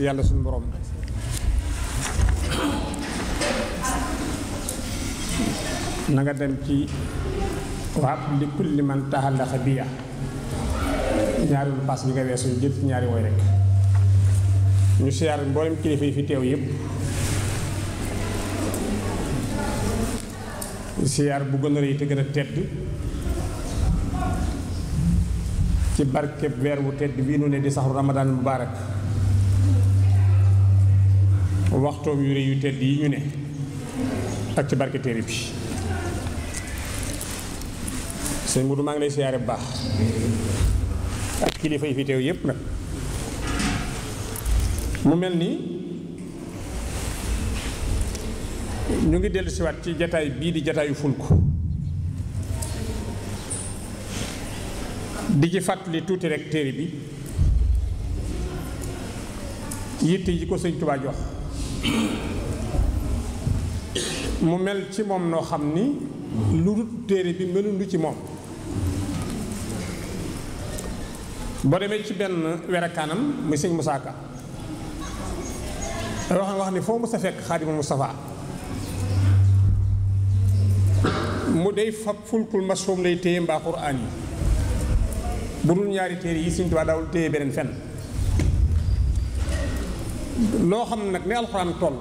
naga suñu borom na nga dem ci waab li kulli man taxallaxa biya ñaari lu paas bi nga weesu jël ñaari rek ñu siyaar mboolem kilifa yi fi teew yëpp siyaar bu gën a rëy te gën a tedd ci barkeb weer wu tedd bii nu ne di saxru ramadaan mubaarak waxtoom yu rëy yu tedd yi ñu ne ak ci barke téere bi sëñ Mudu maa ngi lay siyaare bu baax ak kilifa yi fi teew yëpp nag mu mel ni ñu ngi dellu siwaat ci jataay bii di jataayu fulk di ci fàttali tuuti rek téere bi yitte yi ko sëñ Tuubaa jox mu mel ci moom noo xam ni lu dul téere bi melundu ci moom boo demee ci benn werakaanam muy sëñ musaaka روحنا واحد نفهم سفك خادم المصطفى مدي فقفل كل ما سوم ليتين بقرآن بدون ياري تري يسين تبع دول تي بين فن لو خم نكني القرآن تول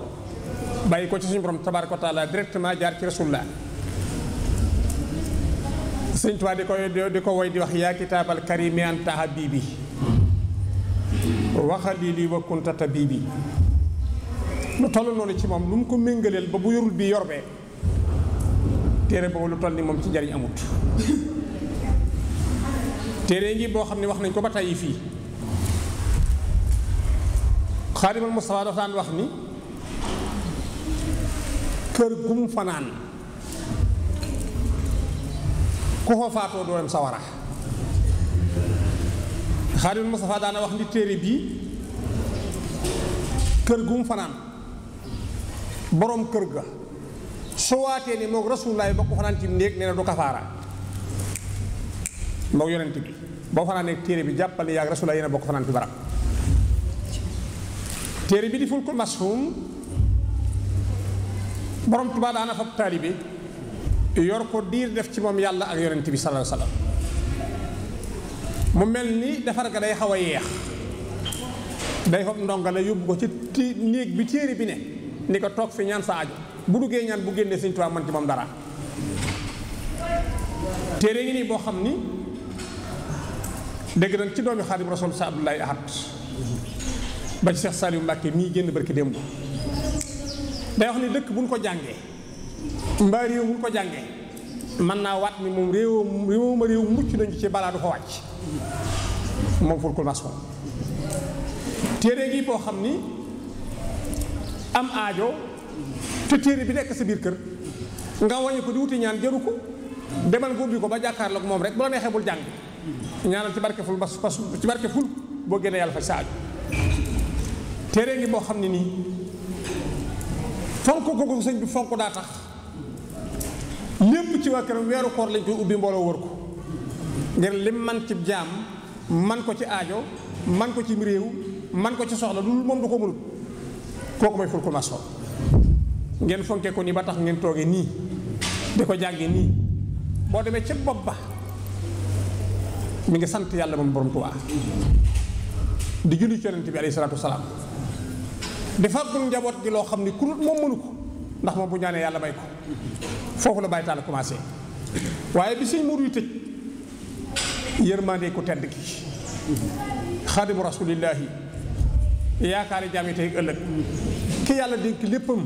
باي كوتشين برم تبارك وتعالى دركت ما جار كرسول الله سين تبع ديكو ديكو ويد وحياة كتاب الكريم أن تهبيبي وخليلي وكنت تبيبي lu toll noonu ci moom lu mu ko méngaleel ba bu yorul bi yorbee téere boobu lu toll ni moom ci njariñ amut téere ngi boo xam ne wax nañ ko ba tàyyi fii xaadimal Mustafaa dafa daan wax ni kër gum fanaan ku ko faatoo doo dem sawara xaadimal Mustafaa daana wax ni téere bii kër gum fanaan borom kër ga soo waatee ni moog rasulullaay bokk fanaan ci néeg nee na du kafaara moog yonent bi boo fanaan ak téere bi jàppale yaag rasulullaay bokk fanaan ci barab téere bi di ko mashum borom tubaa daana fab taalibe yor ko diir def ci moom yàlla ak yonent bi sallallahu alayhi wasallam mu mel ni defar ga day xaw a yeex day fab ndonga la yóbbu ko ci néeg bi téere bi ne ni ko toog fi ñaan sa aju bu duggee ñaan bu génnee sëñ Tuubaa man ci mom dara téere ngi ni bo xamni dégg nañ ci doomi khadim rasul sa abdoulaye ahad ba ci Cheikh Saliou Mbacke mii génn barki démb day wax ni dëkk buñ ko jàngee mbaa yu buñ ko jàngee man na wat ni moom réew ma réew mucc nañ ci bala du ko wacc mom fulkul mas ko téere gi boo xam am aajo te téere bi nekk sa biir kër nga wañu ko di wuti ñaan jaru ko demal nga ubbi ko ba jàkkaarloog moom rek bu la neexee bul jàng ñaanal ci barke ful bas bas ci barke ful boo génnee yàlla faj sa aajo téere ngi boo xam ne nii fonk googu sëñ bi fonk daa tax lépp ci waa këram weeru koor lañ koy ubbi mbooloo wër ko ngir lim man ci jaam man ko ci aajo man ko ci réew man ko ci soxla lu moom du koo mënut kooku mooy fulkul maso ngeen fonke ko ni ba tax ngeen toge ni de ko jànge ni bo demé ci bopp ba mi nga sante yalla moom borom tuwa di julli ci yonent bi alayhi salaatu wasalaam defagul njaboot gi loo xam ni kurut moom mënu ko ndax moom bu ñane yalla bay ko fofu la bàyyi commencé waye bi seigne mourou tej yermane ko tedd gi khadim rasulillahi yaakaari jaam yi tey ëllëg ki yàlla dénk léppam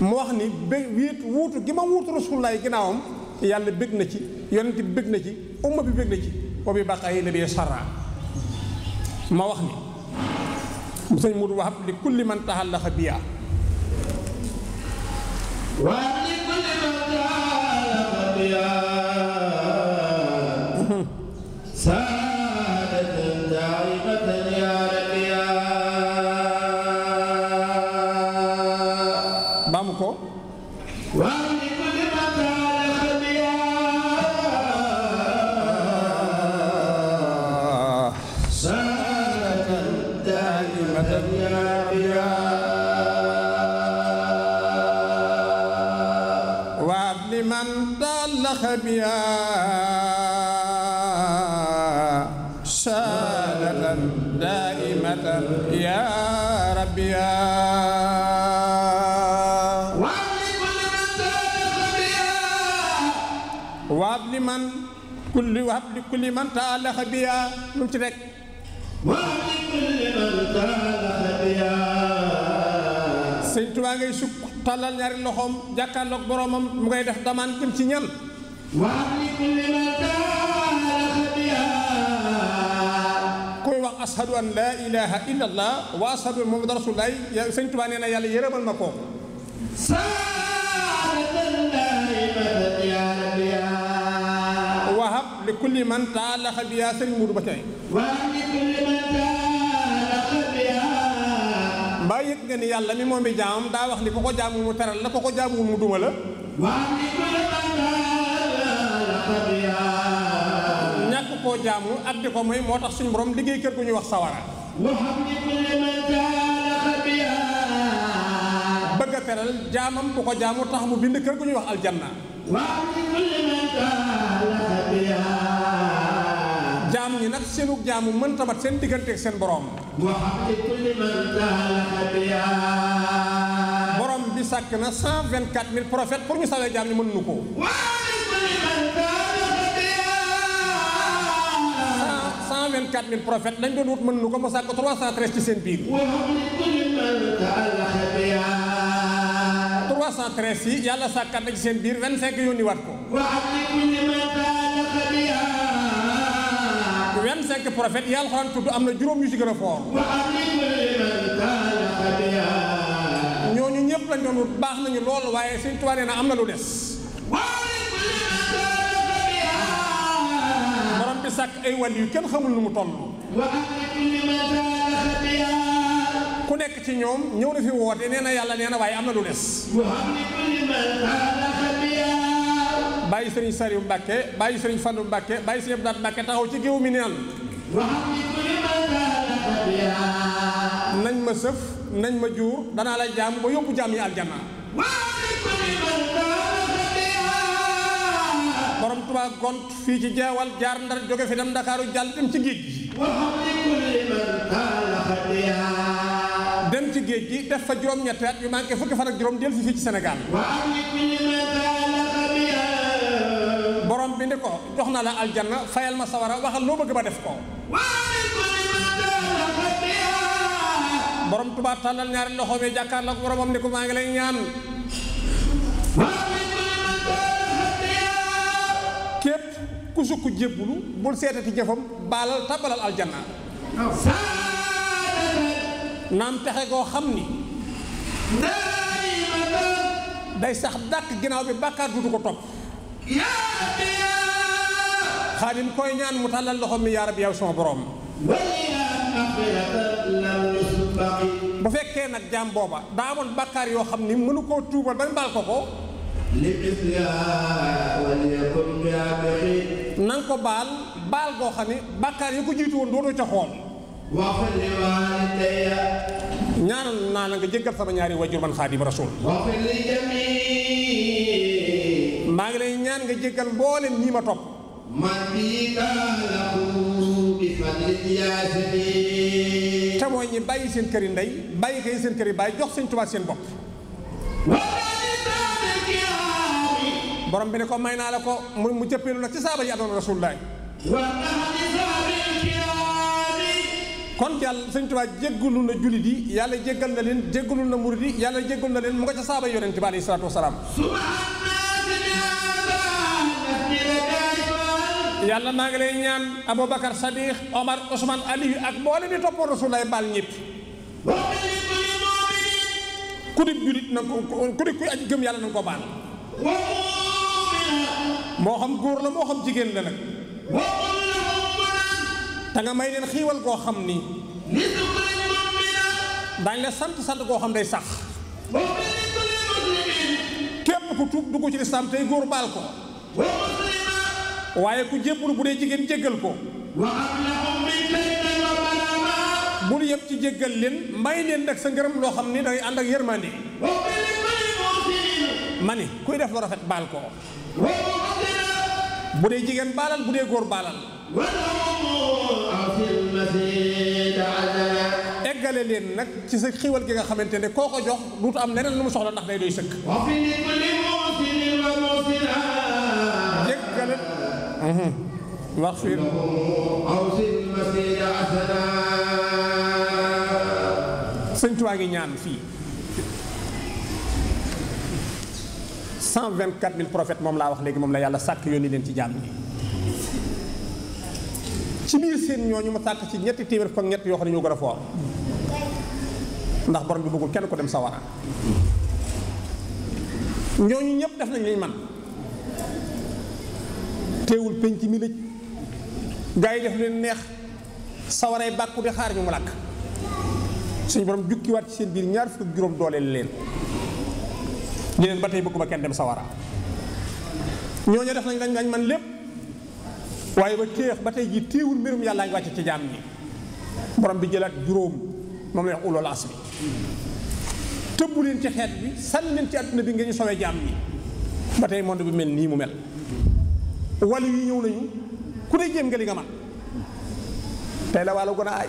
mu wax ni bé wiit wuutu gi ma wuutu rasulullaay ginnaawam yàlla bég na ci yonent bi bég na ci umma bi bég na ci wa bi baqaa'i nabi sarra ma wax ni mu sëñ Mudu Wahab li kulli man taxallaqa biya wa li kulli man taxallaqa biya wahab liman kulli wahab li kulli man ta'ala khabiya num ci rek wahab kulli man ta'ala khabiya seigne ngay suk talal ñari loxom jakkal lok boromam mu ngay def daman kim ci ñal wahab kulli man ta'ala khabiya ko wax ashadu an la ilaha illa allah wa ashhadu muhammadar rasulullah seigne touba neena yalla yeremal mako sa li kulli man taalaxa bi yaa sëriñ Mourou ba tey. waaw li kulli man taalaxa bi yaa. mbaa yëg nga ni yàlla mi moom bi jaamam daa wax ni ko ko jaamu mu teral la ko ko jaamu mu duma la. waaw li kulli man taalaxa bi moo tax suñu borom liggéey kër gu ñuy wax sawara. waxam li kulli man taalaxa bi yaa. bëgg a teral jaamam ku ko jaamu tax mu bind kër gu ñuy wax aljanna. seenu jaamu mën tamat seen diggante ak seen borom borom bi sàkk na 124 000 prophètes pour ñu sawee jaam ñi mënuñu ko 124 000 prophètes dañ doon wut mënuñu ko mu sàkk 313 ci seen biir 313 yi yàlla na ci seen biir 25 ko nekk prophète yi alxuraan tudd am na juróom ñu ci gën a foor ñooñu ñëpp lañ doon baax nañu lool waaye Sëñ Tuubaa nee na am na lu des borom bi sàkk ay wàll yu kenn xamul nu mu toll ku nekk ci ñoom ñëw na fi woote nee na yàlla nee na waaye am na lu des bàyyi sëriñ Sariou Mbacke bàyyi sëriñ Fallou Mbacke bàyyi sëriñ Abdou Mbacke taxaw ci géew mi neen nañ ma sëf nañ ma juur danaa la jaam ba yóbbu jaam yi aljanna borom Tuubaa gont fii ci jeewal jaar ndar jóge fi dem ndakaaru jàll dem ci géej gi dem ci géej gi def fa juróom-ñetti at yu manqué fukki fan ak juróom dellu fi fii ci Sénégal borom bi ni ko jox na la aljanna fayal ma sawara waxal loo bëgg ba def ko borom Tuubaa tàllal ñaari loxoom yi jàkkaarloo ak boromam ni ko maa ngi lay ñaan képp ku jébbulu bul seetati jëfam baalal tàbbalal aljanna naam pexe goo xam ni day sax dàq ginnaaw bi bàkkaar dutu ko topp xaadim koy ñaan mu tàllal loxo mi yaa rabbi yow sama borom. bu fekkee nag jaam booba daa amoon bàkkaar yoo xam ni mënu koo tuubal bañ baal ko ko. na nga ko baal baal goo xam ne bàkkaar yi ko jiitu woon dootoo ca xool. ñaanal naa la nga jéggal sama ñaari wajur man xaadim rasul. maa ngi lay ñaan nga jéggal mboolem ñi ma topp man bi kaalahu bi fadli yaasini te mooy ñi bàyyi seen kër yi ndey bàyyi kay seen kër yi bàyyi jox seen tubaab seen bopp borom bi ne ko may naa la ko mu jëppeelu nag ci saaba yi adoon rasulullaay kon yàlla sëñ Tuubaa jéggalu na jullit yi yàlla jéggal na leen jéggalu na murid yi yàlla jéggal na leen mu nga ca saaba yonent bi alayhi salaatu wasalaam yàlla maa ngi lay ñaan Aboubacar Sadiq Omar Ousmane Aliou ak mboolem yi toppoon Rasulullah baal ñëpp ku di julit na ko ku di kuy aj gëm yàlla na ko baal moo xam góor la moo xam jigéen la nag da nga may leen xam ni daañ la sant sant koo xam day sax ko tuub dugg ci lislaam tey góor baal ko waaye ku jébbalu bu dee jigéen jéggal ko bul yëpp ci jéggal leen may leen ak sa ngërëm loo xam ni dangay ànd ak yërmande ma ni kuy def lu rafet baal ko bu dee jigéen baalal bu dee góor baalal leen nag ci sa xiiwal gi nga xamante ne koo ko jox duutu am leneen lu mu soxla ndax day doy sëkk واغفر اوزن المسير عسنا سنت واغي نيان في mil prophètes moom laa wax léegi moom la yàlla sàkk yónni leen ci jaam ñi ci biir seen ñooñu ma sàkk ci ñetti téeméer fukk ñett yoo xam ne ñoo gën a foor ndax borom bi bëggul kenn ko dem sawara ñooñu ñëpp def nañ lañ man téewul penc mi lëj gaa yi def leen neex sawaray bàkku di xaar ñu mu làkk suñu borom jukkiwaat ci seen biir ñaar fukk juróom dooleel leen li leen ba tey bëgguma kenn dem sawara ñooñu def nañ lañ lañ man lépp waaye ba téex ba tey ji téewul mbirum yàllaa ngi wàcce ci jaam ñi borom bi jëlaat juróom moom lay wax ulul bi tëbbu leen ci xeet bi sànni leen ci àdduna bi nga ñu sowee jaam yi ba tey monde bi mel nii mu mel wàllu yi ñëw nañu ku ne jéem nga li nga man tey la wàllu gën a aay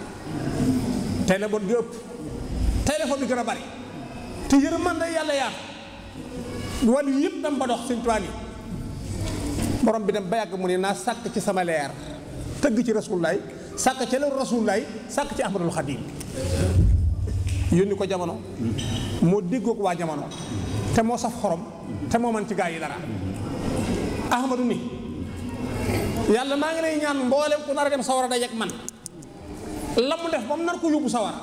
tey la bon gi ëpp tey la fo bi gën a bari te yërmande yàlla yaatu wàllu yëpp dam ba dox sëñ Tuubaa yi borom bi dem ba yàgg mu ne naa sàkk ci sama leer tëgg ci rasulullaay sàkk ci leeru rasulullaay sàkk ci ahmadul xadim yónni ko jamono moo déggoog waa jamono te moo saf xorom te moo man ci gaa yi dara ahmadu ni yàlla maa ngi lay ñaan mboolem ku nar a dem sawara dajeek man la mu def ba mu nar ko yóbbu sawara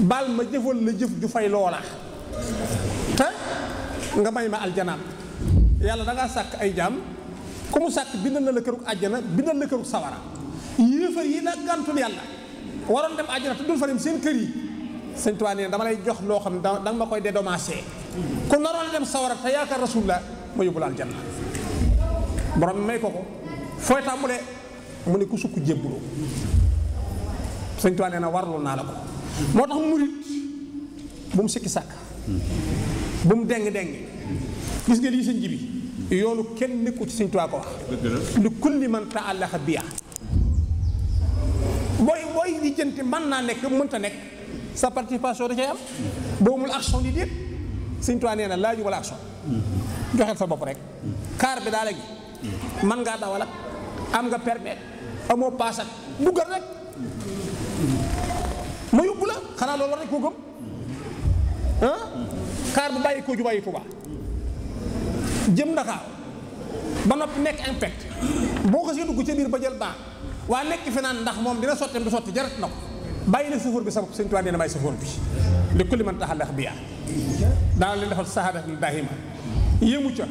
baal ma jëfal la jëf ju fay loola te nga may ma aljanaam yàlla dangaa sàkk ay jaam ku mu sàkk bindal na la kërug àjjana bindal la kërug sawara yéefar yi nag gàntul yàlla waroon dem àjjana te dul fa dem seen kër yi sëñ Tuubaa nee dama lay jox loo xam ne da nga ma koy dédommagé ku naroon a dem sawara te yaakaar rasulullah ma yóbbu la aljanna borom may ko ko fooy tàmbulee mu ne ku sukk jébbuloo sëñ Tuubaa nee na warlu naa la ko moo tax murit bu mu sikki sàkk bu mu deng deng gis nga lii sëñ ji bi yoonu kenn nekkul ci sëñ Tuubaa ko wax li kulli man taallaxa biya booy booy lijjanti mën naa nekk mënta nekk sa participation da cay am boo mul action di déet Sëñ Tuubaa nee na laaju wala action joxeel sa bopp rek kaar bi daal gi man ngaa dawal ak am nga permis amoo paas ak buggal rek ma yóbbu la xanaa loolu rek koo gëm kaar bu bàyyi koo ju bàyyi Tuubaa jëm Dakar ba noppi nekk impact boo ko see ko ca biir ba jël baax waa nekk fi naan ndax moom dina sotti du sotti jarat na ko bàyyi la suufur bi sa bopp sëñ Tuubaa nee na may suufur bi li kulli man taxalax bi yaa daana leen defal saxaada dahima yéemu ca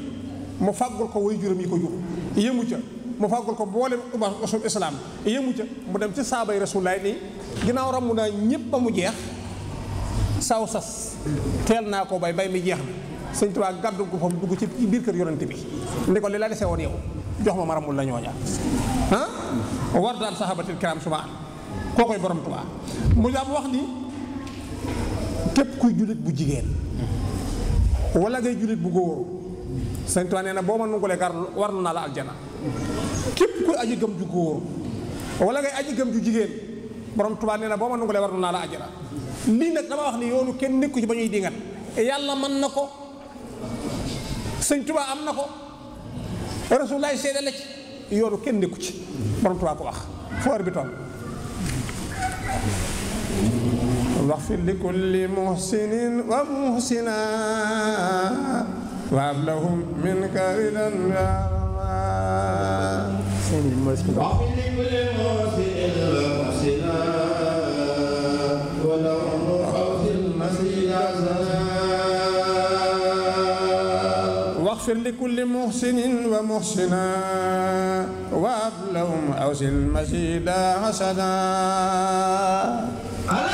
mu fàggul ko way juróom yi ko jur yéemu ca mu fàggul ko boole uba usul islaam yéemu ca mu dem ci saabay rasulaay nii ginnaaw ramm naa ñëpp ba mu jeex saw sas teel naa ko bay bay mi jeex na sëñ Tuubaa gàddu ko fam dugg ci biir kër yonante bi ni ko li la dese woon yow jox ma ma ramul la ñooña ah war daan sahabatil kookoy borom Tuubaa mu daam wax ni képp kuy jullit bu jigéen wala ngay jullit bu góor Sëñ Tuubaa nee na boo ma nungulee war na la aljana képp kuy aji gëm ju góor gëm ju jigéen borom Tuubaa na boo ma nungulee war na la aljana lii nag dama wax ni yoonu kenn nekku ci ba ñuy dingat yàlla mën na ko Sëñ Tuubaa am na ko Rasulullaay seede la ci yoonu kenn nekku ci borom Tuubaa ko wax foor bi tool واغفر لكل محسن ومحسنا وهب لهم منك رضا واغفر لكل محسن واغفر لكل محسن ومحسنا وهب لهم أوزن المزيد حسنا على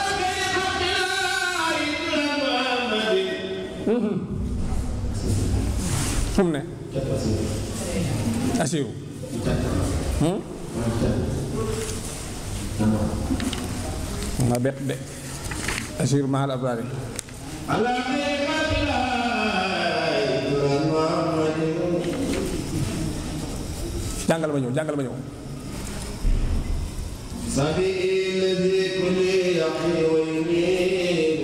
ثم أسيروا ما بيقدر أسير مع الأبرار على jàngal ma ñëw jàngal ma ñëw سبيل ذي كل يقي ويمين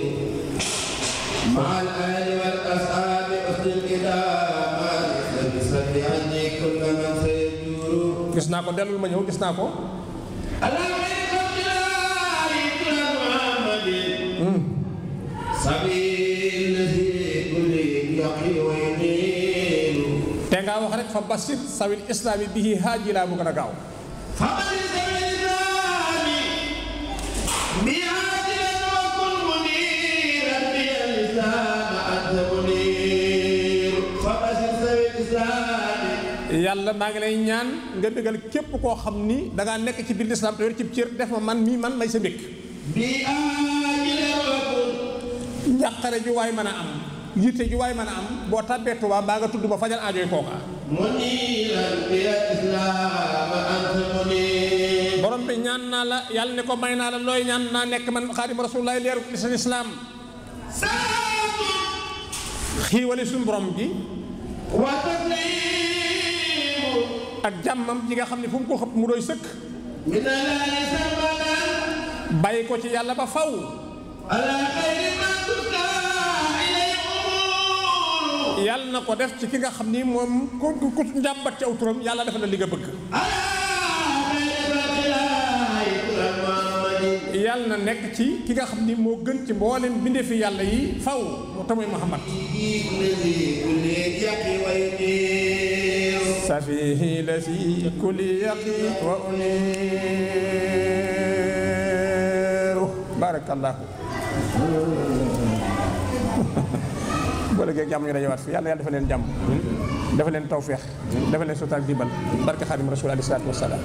مع الآل والأصحاب أخت الكتاب بسبب عني كل من سيجور gis naa ko dellul ma ñëw gis naa ko سبيل basir sawil islami bihi haaji laa mu gën a gaaw yàlla maa ngi lay ñaan nga bégal képp koo xam ni dangaa nekk ci biir lislaam te yor cib def ma man mii man may sa mbékk njàqare ju waay mën am yitte ju waay mën am boo tàbbee Tuubaa mbaa nga tudd ma fajal aajoy kooka borom bi ñaan naa la yàlla ne ko may naa la looy ñaan naa nekk man xaadim rasulullah leeru lisan islaam xiiwali suñu borom gi ak jàmmam ji nga xam ne fu mu ko xëpp mu doy sëkk bàyyi ko ci yàlla ba faw ala xayri ma yàlla na ko def ci ki nga xam ni moom ku njàmbat ci aw yàlla defal la li nga bëgg. yàlla na nekk ci ki nga xam ni moo gën ci mboolem bindee fi yàlla yi faw mu tamuy Muhammad safihi la si kulli yaqi wa uniru barakallahu boole geeg jàmm ñu dajewaat fi yàlla yàlla dafa leen jàmm dafa leen tawféex dafa leen sotaak jibal barke xaadim rasul alayhi salaatu wasalaam